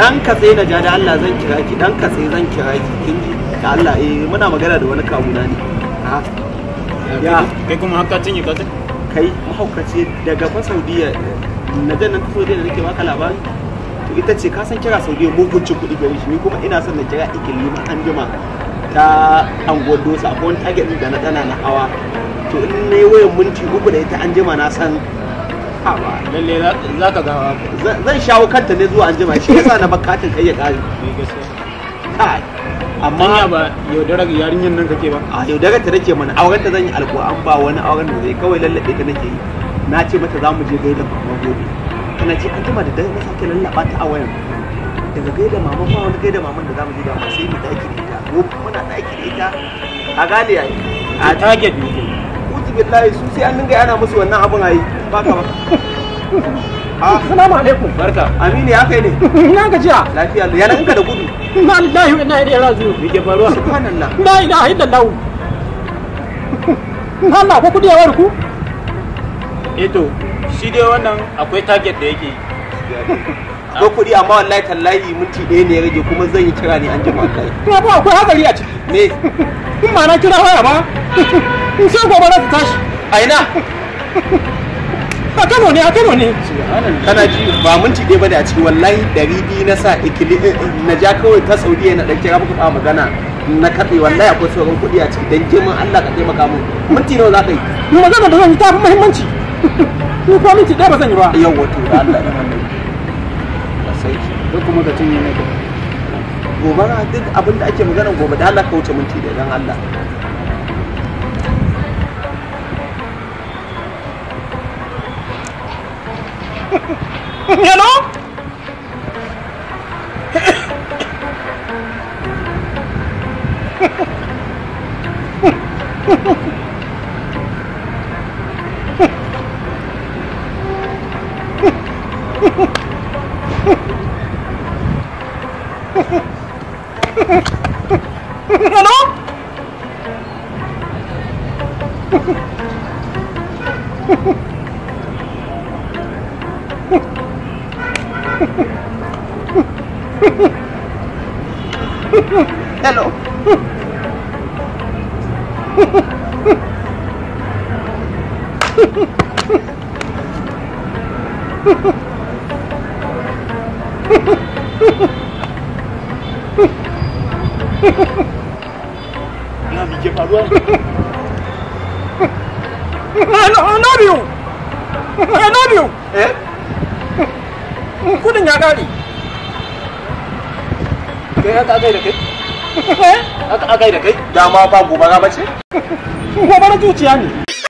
dan katse na ja da Allah zan kira ki dan katse zan kira ki kin ji da Allah eh muna magana da wani kawu na ne ya kai kuma haka cinye kace. kai mahaukaci daga fa Saudiya na dan nan Saudiya da nake maka labari to ita ce ka san kira Saudiya muguncin kudi gare shi ni kuma ina son na kira ikilima an jima ta anguwar dosa akwai wani target da na tsana na hawa to in na yi wayan minti uku da ita an jima na san lalle za ka gawa zan shawo kanta ne zuwa anjima shi yasa na bakatin kai ya kare amma ba yaudarar yarinyar nan kake ba a yaudarar ta nake mana auren ta zan yi an ba wani auren da zai kawai lallabe ta nake yi na ce mata za mu je gai da mama gobe tana ce an jima da dare na sake lallaba ta a wayan daga da mama ba wani da maman da za mu je da sai mu daki da ita ko muna daki da ita a gane a target ne billahi su sai an dinga yana musu wannan abin ayi baka ba ah. Assalamu Aminu ya kai ne? Na Lafiya ka da gudu. Na Me ke ya eh wannan akwai target da yake ko kuɗi amma wallahi tallahi minti ɗaya ne ya rage kuma zan yi kira ne an jima kai to ba akwai hakari a ciki me in ma na kira waya ba. in sai gobe za ta tashi a ina a kano ne a kano ne kana ji ba minti ɗaya bane a ciki wallahi ɗari biyu na sa ikili eh, eh, na ja kawai ta saudiya na ɗan kira muku ba magana na katse wallahi akwai sauran kuɗi a ciki dan girman Allah ka taimaka mu minti nawa za ka yi magana da zan yi ta fi muhimmanci ni ko minti ɗaya ba zan yi ba yawwa to Allah ya duk kuma ka cinye ne gobara duk abin da ake magana gobe da Allah wuce minti da idan Allah yano Ha ha ha. Hello. Hello. I love you. I love you. Eh? Kudin ya kare. Kai haka kai da kai? Eh? Haka kai da kai? Dama ba gobara ba ce? Gobara zuciya ne.